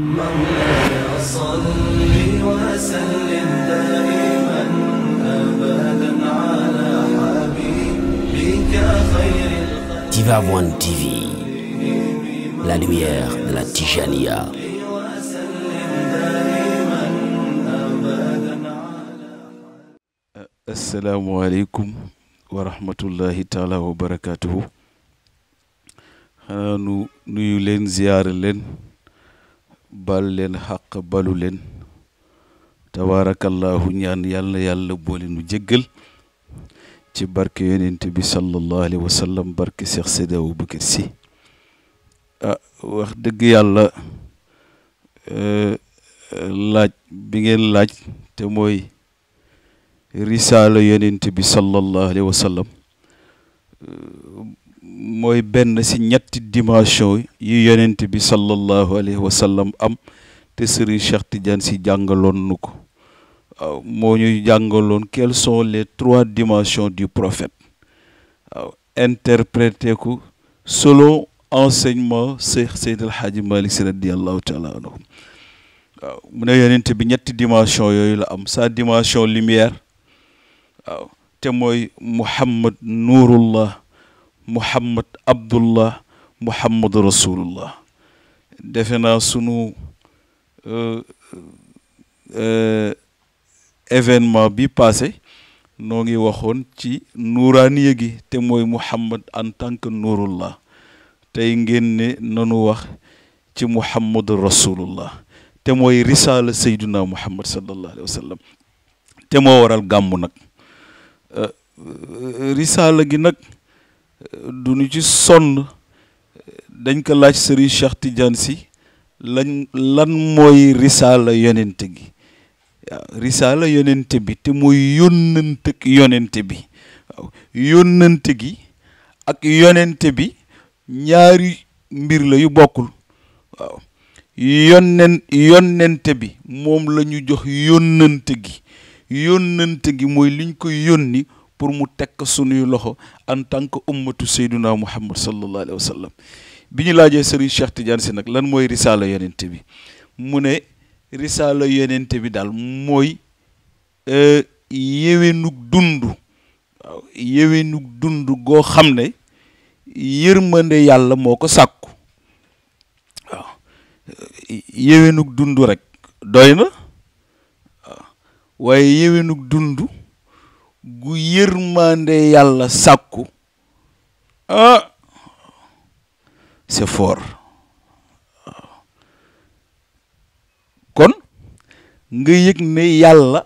مولاي صل وسلم دائما ابدا على حبيبك خير Diva One TV La lumière de la Tijania Assalamu alaikum wa rahmatullahi ta'ala wa barakatuhu xanaa nu nuyu leen ziyaare leen bal leen xaq balu leen tabaarakallaahu ñaan yàlla yàlla boole nu jéggal ci barke yonent bi sallallahu alayhi wa sallam barke Cheikh Seydi Ababacar Sy ah wax dëgg yàlla eh, laaj bi ngeen laaj te mooy risaala yonent bi sallallahu alayhi wa mooy benn si ñetti dimension yi yonent bi sallallahu alayhi wa am te Serigne Cheikh Tidiane si jàngaloon nu ko waaw moo ñuy jàngaloon quelles sont les trois dimensions du prophète waaw interprété ko selon enseignement Cheikh Seyd El Hadji si radiallahu taala anhu waaw mu ne bi ñetti dimension yooyu la am sa dimension lumière waaw moy mooy Muhammad Nuurullah muhammad abdullah muhammad rasulullah defe naa sunu euh, euh, événement bi passé noo ngi waxoon ci nuuraaniya gi te mooy muhammad en tant que tey ngeen ne nanu wax ci muhammad rasulullah te mooy risaala sayduna muhammad sallallahu alayhi wa sallam te moo waral gàmmu nag euh, risaala gi nag du ñu ci sonn dañ ko laaj Serigne Cheikh Tidiane si lan mooy risaala yonent gi waaw risaala yonent bi te mooy yónnante bi waaw gi ak yonent bi ñaari mbir la yu bokkul waaw yonnen bi moom lañu jox yónnante gi yónnante gi mooy liñ ko yónni pour mu teg tekk sunuy loxo en tant que ummatu sayduna muhammad sallallahu alayhi wa sallam bi ñu laajee sëriñ Cheikh Tidiane si nag lan mooy risaala yonente bi mu ne risaala yonente bi daal mooy e, yéwenug dund goo xam ne yërmande yàlla moo ko sàkku waaw e, dund rek doy na waaw waaye yéwenug dund gu yërmande yàlla sàkku ah c'est fort kon nga yëg ne yàlla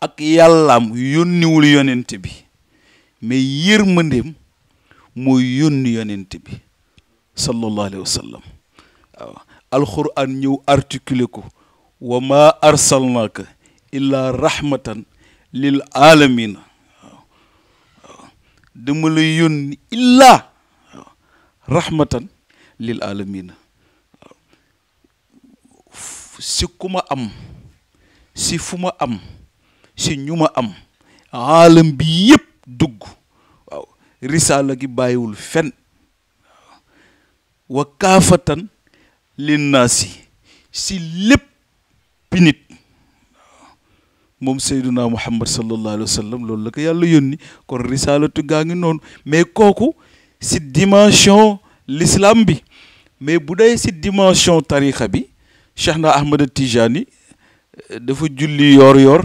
ak yàllaam yónniwul yonent bi mais yërmandeem moo yónni yonent bi sallallahu alayhi wa sallam waaw ñëw articulé ko wa ma arsalnaaka illa rahmatan للعالمين دمليون إلا رحمة للعالمين سكما أم سفما أم سنوما أم عالم بيب دوغ رسالة بايول فن وكافة للناس سي بنت moom sayduna muhammad sallallahu alayhi wa sallam loolu la ko yàlla yónni kon risalatu gaa ngi noonu mais kooku si dimension l'islam bi mais bu dee si dimension tarixa bi Cheikh na Ahmada Tijani eh, dafa julli yoor yoor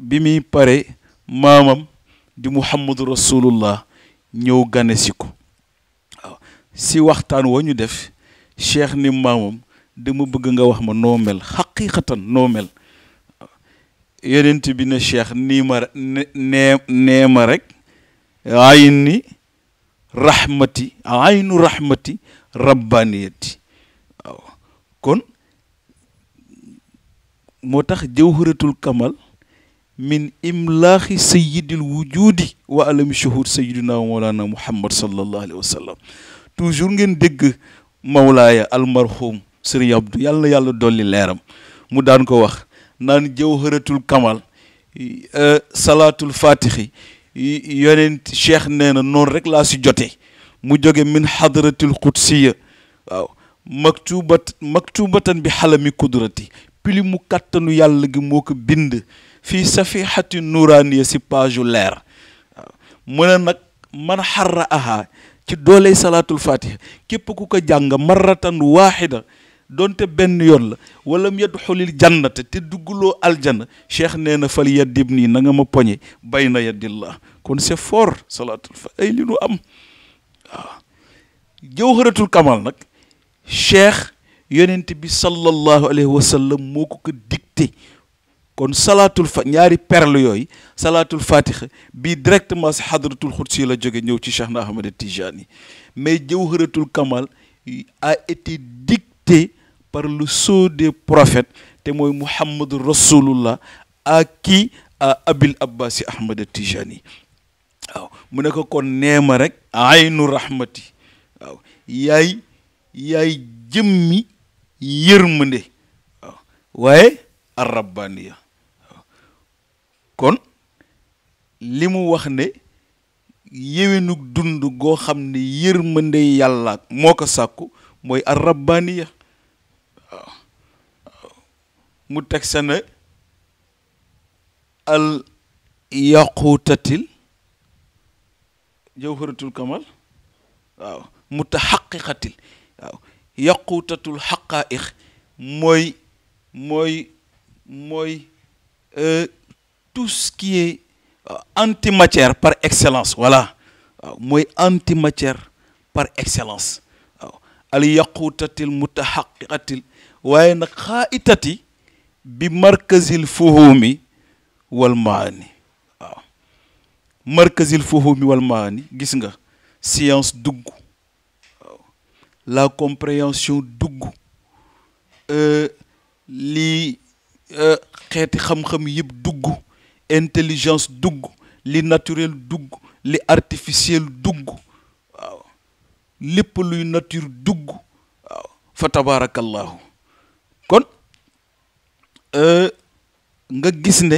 bi muy pare maamam di muhammadu rasulullah ñëw gane si ko si waxtaan wa ñu def cheikh ni maamam dama bëgg nga wax ma noo mel xaqiqatan noo mel yenente bi ne cheikh nima neema rek ayni rahmati ayni rahmati rabbaniyati kon motax من إملاخ سيد الوجود وعلم شهور سيدنا مولانا محمد صلى الله عليه وسلم توجور نغن دغ مولايا المرحوم سري عبد يالله يالله دولي ليرم مو دان naan jawharatul kamal salaatul fatihi yonent cheikh nee na noonu rek laa si jotee mu jóge min hadratil qudsiya waaw maktubat maktubatan bi xalami kudrati pili mu kàttanu yàlla gi moo ko bind fii safihati nuraaniya si page leer waaw mu ne nag man xarra aha ci dooley salaatul fatiha képp ku ko jàng marratan waahida donte ben yoon la wala mu yedd xulil jannate te dugguloo aljana cheikh nee na fal yaddib nii na nga ma poñe bay na yaddillah kon c'est fort salatul fa ay li nu am waaw jawharatul kamal nag cheikh yonent bi sallallahu alayhi wa sallam moo ko ko dicté kon salatul fa ñaari perle yooyu salatul fatiha bi directement si hadratul xudsi la jóge ñëw ci cheikh na ahmad tijani mais jawharatul kamal a été dicté par le sceau des te mooy Muhammadu Rasulullah ak kii Abil Abbasi Ahmad Tijani waaw mu ne ko kon neema rek aynu rahmati waaw yaay yaay jëmmi yërmande waaw waaye arrabbaniya waaw kon li mu wax ne yéwénug dund goo xam ne yërmande yàlla moo ko sàkku mooy arrabbaniya mu teg sa ne al yaquutatil jawharatul kamal waaw mutaxaqiqatil waaw yaquutatul xaqaaiq mooy mooy mooy tout ce qui est antimatière par excellence voilà waaw mooy antimatière par excellence al yaquutatil mutaxaqiqatil waaye nag xaaitati bi markazil fuhumi wal maani markazil fuhumi wal maani gis nga science dugg la compréhension dugg euh, li euh, xeeti xam-xam yëpp dugg intelligence dugg li naturel dugg li artificiel dugg waaw lépp luy nature dugg waaw fa kon Euh, nga gis ne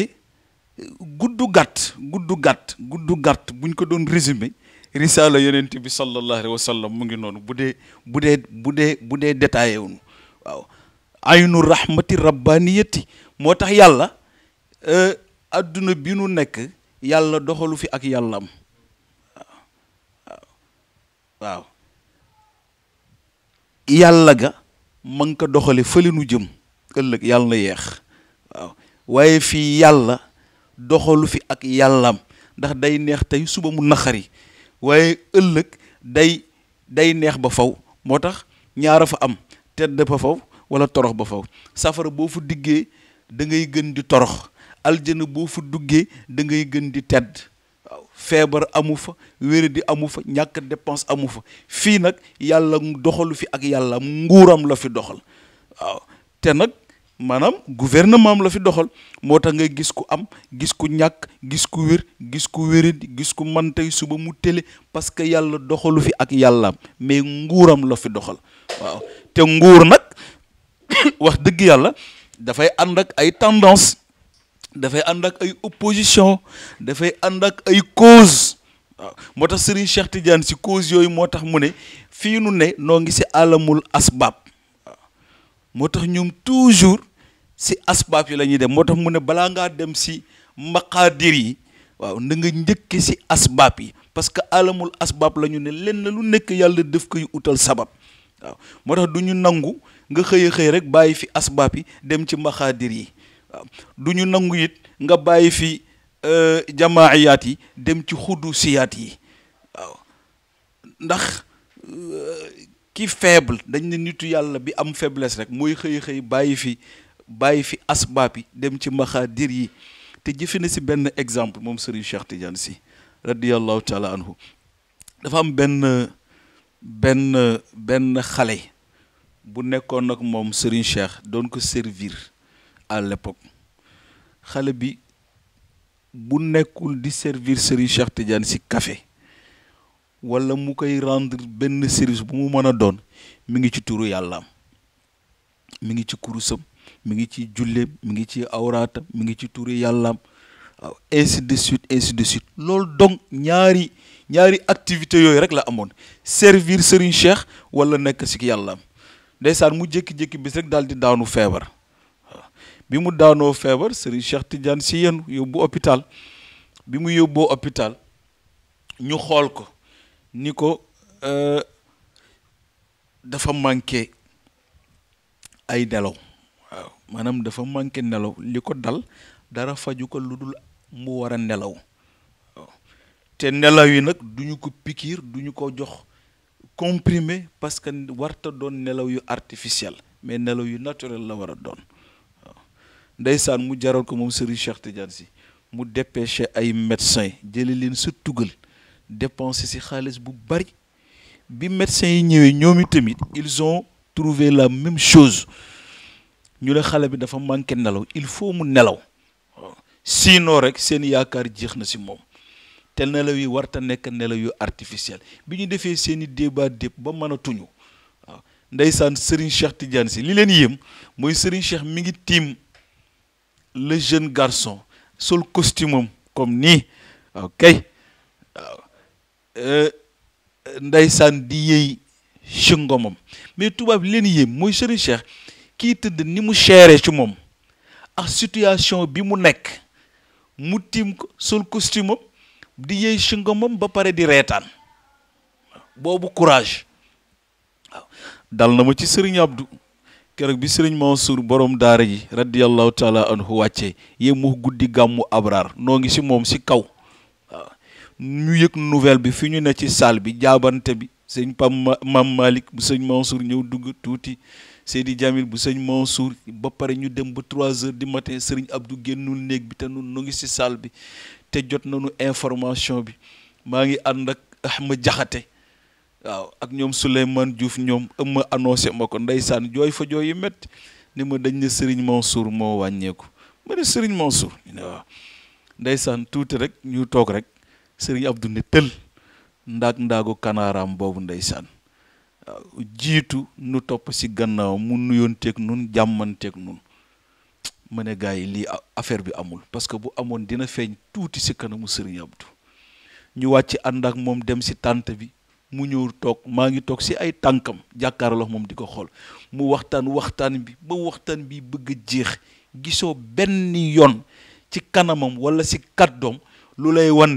gudd gàtt gudd gàtt gudd gàtt buñ ko doon résumé risaala yonent bi sallallahu alayhi wa mu ngi noonu bu dee bu dee bu dee bu dee détaillé wuñu waaw aynu rahmati rabbaniyati moo tax yàlla àdduna euh, bi nu nekk yàlla doxalu fi ak yàllam waaw yàlla ga ma ko doxale fële nu jëm ëllëg yàlla na yeex waaw waaye fii yàlla doxalu fi ak yàllaam ndax day neex tey suba mu naqari waaye ëllëg day day neex ba faw moo tax ñaara fa am tedd ba faw wala torox ba faw safara boo fu diggee dangay gën di torox aljana boo fu duggee dangay gën di tedd feebar amu fa wér di amu fa ñàkk dépense amu fa fii nag yàlla doxalu fi ak yàlla nguuram la fi doxal te nag manam gouvernement am la fi doxal motax tax ngay gis ku am gis ku ñak gis ku wër gis ku wérit gis ku man tay suba mu télé parce que yalla doxalu fi ak yalla mais nguuram la fi doxal waaw té nguur nak wax yalla da fay and ak ay tendance fay and ak ay opposition fay and ak ay cause motax moo Serigne Cheikh Tidiane si cause yoy motax mu né fi ñu ne no ngi ci alamul asbab, motax moo ñoom toujours si asbaab yi la ñuy dem moo tax mu ne balaa ngaa dem si maqaadir yi waaw nga njëkke si asbaab yi parce que alamul asbaab la ñu ne lenn lu nekk yàlla def koy utal sabab moo tax nangu nga xëy xëy rek bàyyi fi asbaab dem ci maqaadir yi waaw ñu nangu it nga bàyyi fi euh, jamaayaat yi dem ci xuddu siyaat yi ndax euh, ki faible dañ ne nitu yàlla bi am faiblesse rek mooy xëy xëy bàyyi fi bàyyi fi asbaab yi dem ci maxaadir yi te jëfe na si benn exemple moom Serigne Cheikh Tidiane si radiyallahu taala anhu dafa am benn benn benn xale bu nekkoon nag moom Serigne Cheikh doon ko servir à l'époque xale bi bu nekkul di servir Serigne Cheikh Tidiane si kafe wala mu koy rendre benn service bu mu mën a doon mi ngi ci tuuru yàllaam mi ngi ci kurusam mi ngi ci julleem mu ngi ci awraatam mi ngi ci tuuri yàllaam waaw ainsi de suite ainsi de suite loolu donc ñaari ñaari activité yooyu rek la amoon servir Serigne Cheikh wala nekk si yàllaam ndeysaan mu jékki-jékki bis rek daal di daanu feebar bi mu daanoo feebar Serigne Cheikh Tidiane si yéen yóbbu hôpital bi mu yóbboo hôpital ñu xool ko ni ko euh, dafa manqué ay nelaw manam dafa manqué nelaw liko dal dara faju ko mu wara nelaw te nelaw yi duñu ko duñu ko jox comprimé parce que warta don nelaw yu artificiel mais nelaw yu naturel la wara don ndaysan mu jaral ko mom Serigne Tidiane dépêché ay médecins médecins ils ont trouvé la même chose ñu ne xale bi dafa manqué nelaw il faut mu nelaw sinon rek seen yaakaar jeex na si moom te nelaw yi warta nekk nelaw yu artificielle bi ñu defee seeni i débat dépp ba mënatuñu waaw ndeysaan Serigne Cheikh Tidiane si li leen yéem mooy Serigne Cheikh mi ngi tiim le jeune garson sol costume am comme nii ok waaw euh, ndeysaan di yëy chingomam mais tubaab li leen yéem mooy Serigne Cheikh kii tëdd ni mu chéré ci moom ak situation bi mu nekk mu tiim ko sol costume am di yëy shingamam ba pare di reetaan boobu courage waaw dal na ma ci sëriñ Abdou keroog bi sëriñ Mansour borom daara ji radiyallahu taala anhu wàcce yéen mu guddi gàmmu abraar noo ngi si moom ci kaw ñu yëg nouvelle bi fi ñu ne ci salle bi jaabante bi sëñ Pam Mam Malick bu sëñ Mansour ñëw dugg tuuti Seydi Jamil bu sëñ Mansour ba pare ñu dem ba trois heures di matin sëriñ Abdou génnul néeg bi te nun nu ngi si salle bi te jot nañu information bi maa ngi ànd ak Ahmed Jaxate waaw ak ñoom Souleymane Diouf ñoom ëmma annoncé ma ko ndeysaan jooy fa jooy yu métti ni ma dañ ne sëriñ Mansour moo wàññeeku ma ne sëriñ Mansour ne ndeysaan tuuti rek ñu toog rek sëriñ Abdou ne tël ndaag ndaagu kanaaraam boobu ndeysaan jiitu nu topp si gannaawam mu nuyonteeg nun jàmmanteeg nun ma ne yi lii affaire bi amul parce que bu amoon dina feeñ tuuti si kanamu Serigne Abdou ñu wàcc ànd ak moom dem si tànt bi mu ñëw toog maa ngi toog si ay tànkam jàkkaarloo moom di ko xool mu waxtaan waxtaan bi ba waxtaan bi bëgg a jeex gisoo benn yoon ci kanamam walla si kàddoom lu lay wan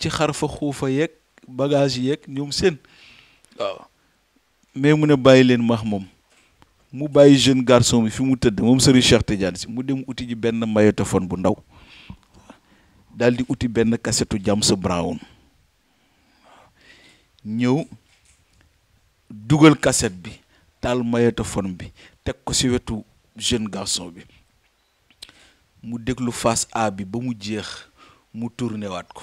ci xarfa xuufa yeeg bagage yeeg ñoom seen waaw mais mu ne bàyyi leen max moom mu bàyyi jeune garçon bi fi mu tëdd moom Serigne Cheikh Tidiane si mu dem uti ji benn magnétophone bu ndaw daal di uti benn kasetu sa Brown ñëw dugal kaset bi taal magnétophone bi teg ko ci wetu jeune garçon bi mu déglu face A bi ba mu jeex mu tourné ko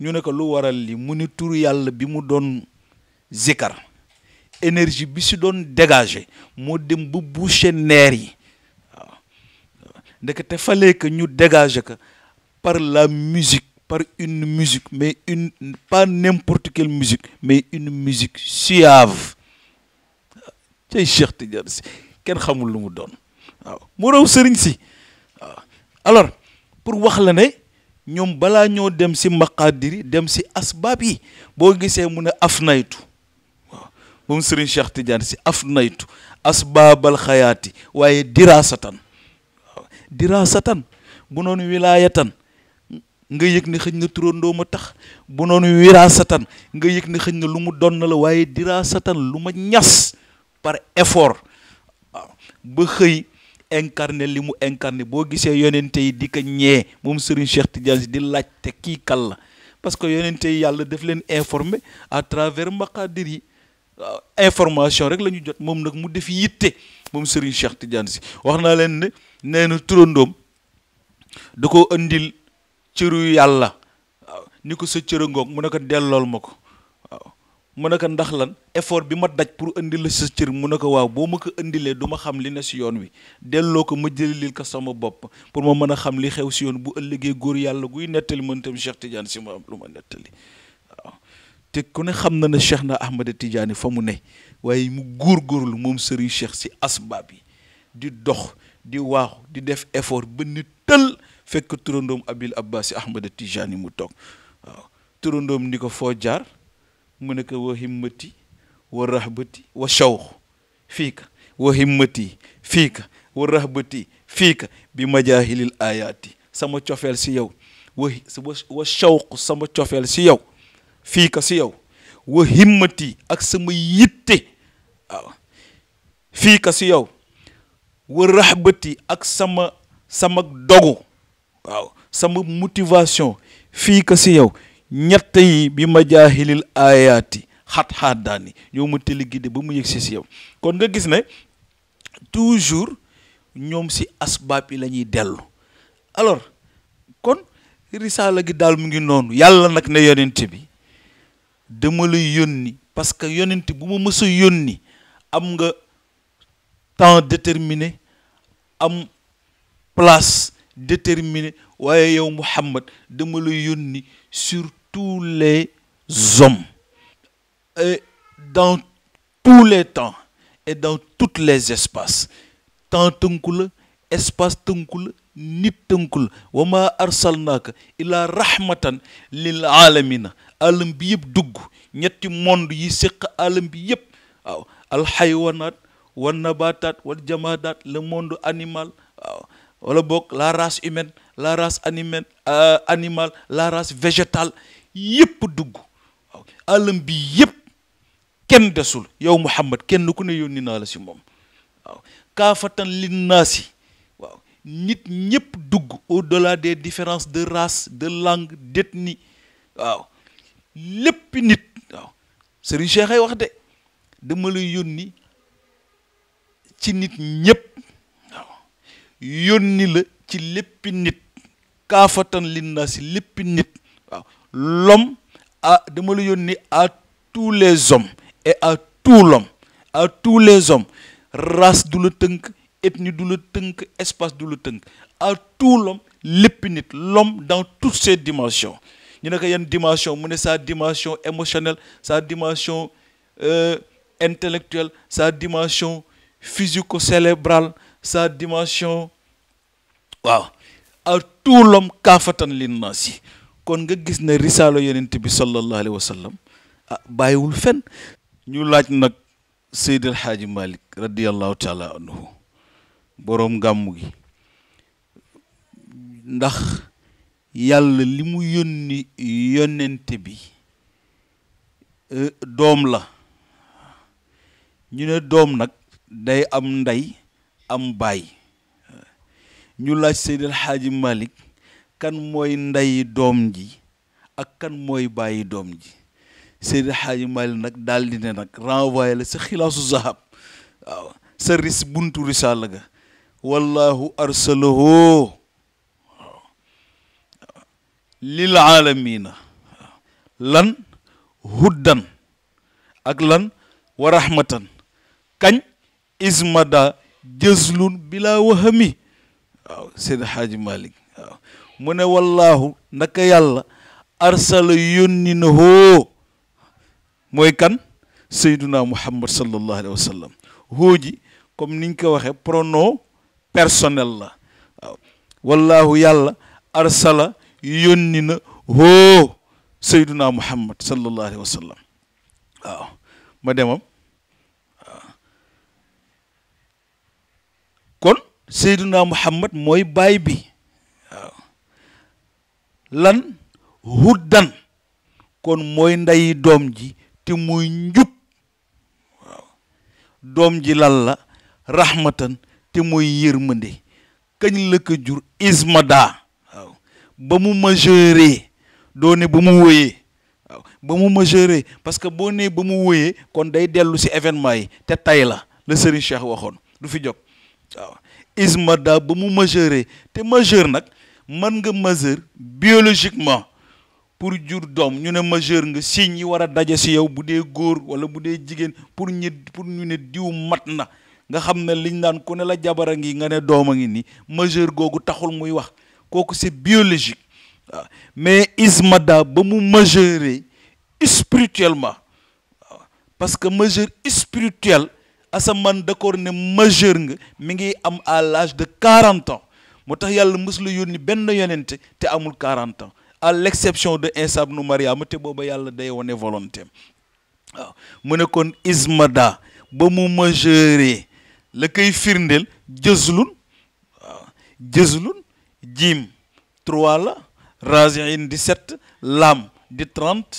ñu ne ko lu waral li mu ni turu yàlla bi mu doon zikar énergie bi si doon dégagé moo dem ba bouché neer yi waaw te fallait que ñu dégagé ko par la musique par une musique mais une pas n'importe quelle musique mais une musique suave cay Cheikh Tidiane si kenn xamul lu mu doon waaw mu raw sëriñ si waaw alors pour wax la ne ñoom balaa ñoo dem si maqaadiri dem si asbaab yi boo gisee mu ne af naytu waaw moom Serigne Cheikh Tidiane si af naytu asbaabal xayaati waaye diraasatan waaw bu noonu wilaayatan nga yëg ne xëñ na turandoo ma tax bu noonu wiraasatan nga yëg ne xëñ na lu mu donn la waaye diraasatan lu ma ñas par effort ba xëy incarné limu mu incarné boo gisee yonente yi di ko ñee moom Serigne Cheikh Tidiane di laajte kii ki kala parce que yonente yi yàlla daf leen informé à travers maqadir yi euh, information rek lañu jot mom nak mu def yitté mom Serigne Cheikh Tidiane si waxna leen ne turondom na da ko andil cëru yàlla ni ko sa cëra ngoog mu ne delol mako mu ne ko ndax lan effort bi ma daj pour indi la sa cër mu ne ko waaw boo ma ko indilee du ma xam li ne si yoon wi delloo ko ma jëlilil ko sama bopp pour ma mën a xam li xew si yoon bu ëllëgee góor yàlla guy nettali man itam Cheikh Tidiane si ma am lu ma nettali te ku ne xam na ne Cheikh na Ahmada Tidiane fa mu ne waaye mu góor góorlu moom sëriñ Cheikh si asbaab yi di dox di waaxu di def effort ba ni tël fekk turandoom Abil Abbas si Ahmada Tidiane mu toog waaw ni ko foo jaar. mu ne ko wa himmati wa rahbati wa shawq fiika wa himmati fiika wa rahbati fiika bi majaahilil ayaati sama cofeel si yow wa wa shawq sama cofeel si yow fiika si yow wa himmati ak sama yitte waaw fiika si yow wa rahbati ak sama sama dogu waaw sama motivation fiika si yow ñett yi bi ma jaahilil ayaati xat-xaat daani ñoo ma tëli ba mu yëg si si yow kon nga gis ne toujours ñoom si asbaab yi la ñuy dellu alors kon risaala gi daal mu ngi noonu yàlla nag ne yonent bi dama la yónni parce que yonent bu ma mës a yónni am nga temps déterminé am place déterminé waaye yow Muhammad dama la yónni sur tous les hommes, et dans tous les temps et dans tous les espaces. Temps espace tënkul nit tënkul wa ma rahmatan lil alamina alam bi yëpp dugg monde yi alam bi nabatat wal jamadat le monde animal wala bok la race humaine la race animale euh, animal la race végétale yep dugg waaw àllam bi yëpp kenn desul yow Muhammad kenn ku ne yónni naa la si ka fatan lin nasi waaw nit ñëpp dugg au delà des différences de race de langue d'ethnie waaw lepp nit waaw Serigne Cheikh ay wax de dama lay yónni ci nit ñëpp l'homme a dama la à tous les hommes et à tout l'homme à tous les hommes race du la ethnie du espace du la à tout l'homme l'homme dans toutes ses dimensions Il y a une dimension mu sa dimension émotionnelle sa dimension euh, intellectuelle sa dimension physico célébrale sa dimension waaw a tuulam kaafatan lin yi kon nga gis ne risaalo yonent bi sallallahu alayhi wa ah, bàyyiwul fen ñu laaj nag Seydi El Hadji Malick radiallahu taala anhu boroom gàmmu gi ndax yàlla li mu yónni yonent bi eh, doom la ñu ne doom nag day am ndey am baay ñu laaj Seydil Xaaji Malik kan mooy ndeyi doom ji ak kan mooy bàyyi doom ji Seydil Xaaji Malik nag daldi ne nag renvoyé la sa xilaasu zahab sa ris buntu risaala ga wallahu arsalahoo lil aalamiina lan huddan ak lan wa kañ ismada jëslun bilaa wahami waaw seen xaaji malik waaw mu ne wallaahu naka yàlla arsala yónni na hoo mooy kan sayduna muhammad sallallahu alayhi wa sallam hoo ji comme niñ ko waxee prono personnel la waaw wallaahu yàlla arsala yónni na hoo sayduna muhammad sallallahu alayhi wa waaw ma demam kon seyduna muhammad mooy baay bi waaw lan huddan kon mooy ndeyi doom ji te muy njub waaw doom ji lan la rahmatan te muy yërmande kañ la ko jur ismada waaw ba mu majeure doo ne ba mu wóyee waaw ba mu majeure parce que boo nee ba mu wóyee kon day dellu si événement yi te tay la la Serigne Cheikh waxoon du fi jóg waaw isma ba mu mesurer te mesure nag mën nga mesure biologiquement pour jur doom ñu ne mesure nga signes yi war a daje si yow bu dee góor wala bu dee jigéen pour ñi pour ñu ne diw mat na nga xam ne liñ naan ku ne la jabar a ngi nga ne doom a ngi nii mesure googu taxul muy wax kooku c'est biologique waaw mais isma ba mu mesurer spirituellement waaw parce que mesure spirituelle asamaan d'accord ne majeur nga mi ngi am à lage de quarante ans moo tax yàlla mësul yónni benn yonent te amul quarante ans à l'exception de Isa ibnu Mariama te booba yàlla day wane volonté waaw mu ne kon ismada ba mu majeure la koy firndeel jëslun waaw jëslun jiim trois la rasin di sept laam di trente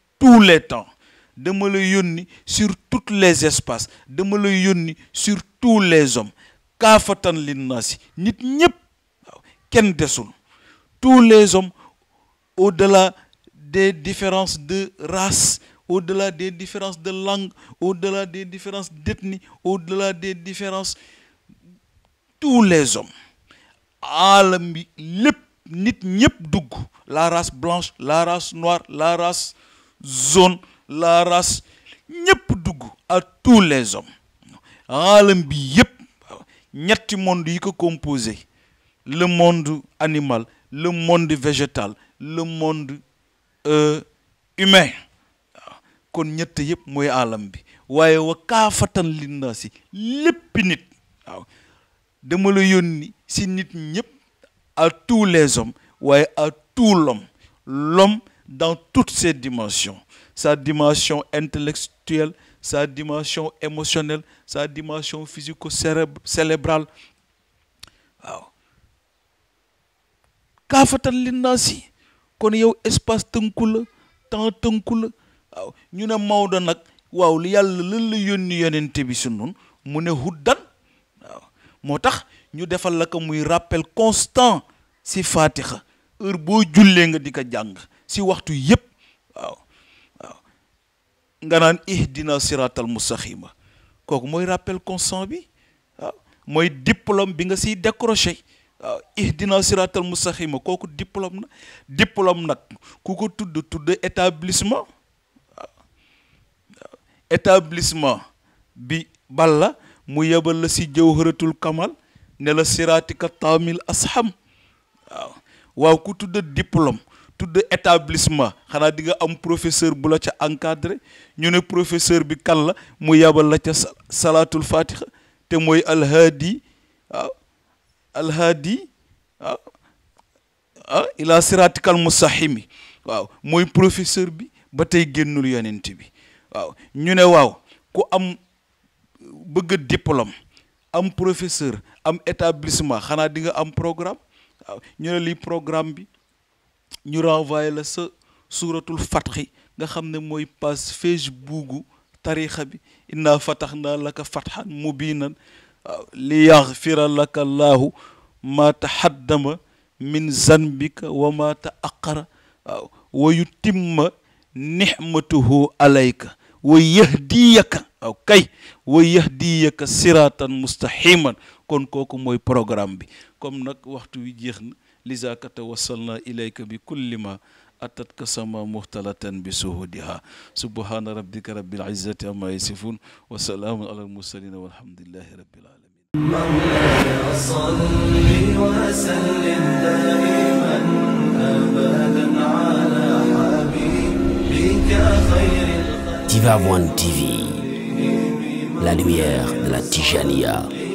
tous les temps sur tous les espaces de sur tous les hommes tous les hommes au-delà des différences de race au-delà des différences de langue au-delà des différences d'ethnie au-delà des différences tous les hommes la race blanche la race noire la race zone la race ñep dugg à tous les hommes Alam bi yep, ñetti monde yi ko composé le monde animal le monde végétal le monde euh, humain kon ñett yep moy alam bi Waye wa kaafatan linnaasi lepp nit dama la yonni si nit ñep à tous les hommes waye à tout l'homme l'homme dans toutes ses dimensions. Sa dimension intellectuelle, sa dimension émotionnelle, sa dimension physico-cérébrale. waaw kaafatal li naa kon yow espace tënku la temps tënku la waaw ñu ne Maodo nag waaw li yàlla lan la yónni yonent bi su noonu mu ne huddan waaw moo ñu defal la ko muy rappel constant si Fatiha heure boo jullee nga di ko jàng si waxtu yep, waaw nga nan ihdina siratal mustaqima kok moy rappel constant bi moy diplôme bi nga ci décrocher ihdina siratal mustaqima kok diplôme na diplôme nak kuko tudd tudd établissement établissement bi balla mu yebal la si jawharatul kamal ne la siratika tamil asham waaw ku tudd diplôme tudd établissement xanaa di nga am professeur bu la ca encadré ñu ne professeur bi kan la mu yabal la ca salaatul fatiha te mooy alhaadi waaw alhaadi waaw ah ila siratikal mustaqimi waaw mooy professeur bi ba tey génnul yonent bi waaw ñu ne waaw ku am bëgg diplôme am professeur am établissement xanaa di nga am programme waaw ñu ne lii programme bi ñu renvoyé la sa suratul fatkh nga xamne moy mooy page facebook gu bi inna fatakhna laka fathan mubinan li yaghfir laka allah ma tahaddama min zanbika wa ma taaqara wa yutimma nixmatuhu alayka wa yahdiyaka waaw kay wa yahdiyaka siratan mustaximan kon koku moy programme bi comme nak waxtu wi jeexna لذاك توصلنا إليك بكل ما أتتك سما مختلطا بسهودها سبحان ربك رب العزة عما يصفون وسلام على المرسلين والحمد لله رب العالمين مولاي صل وسلم دائما أبدا على حبيبك خير Tiva One TV, la lumière de la Tijania.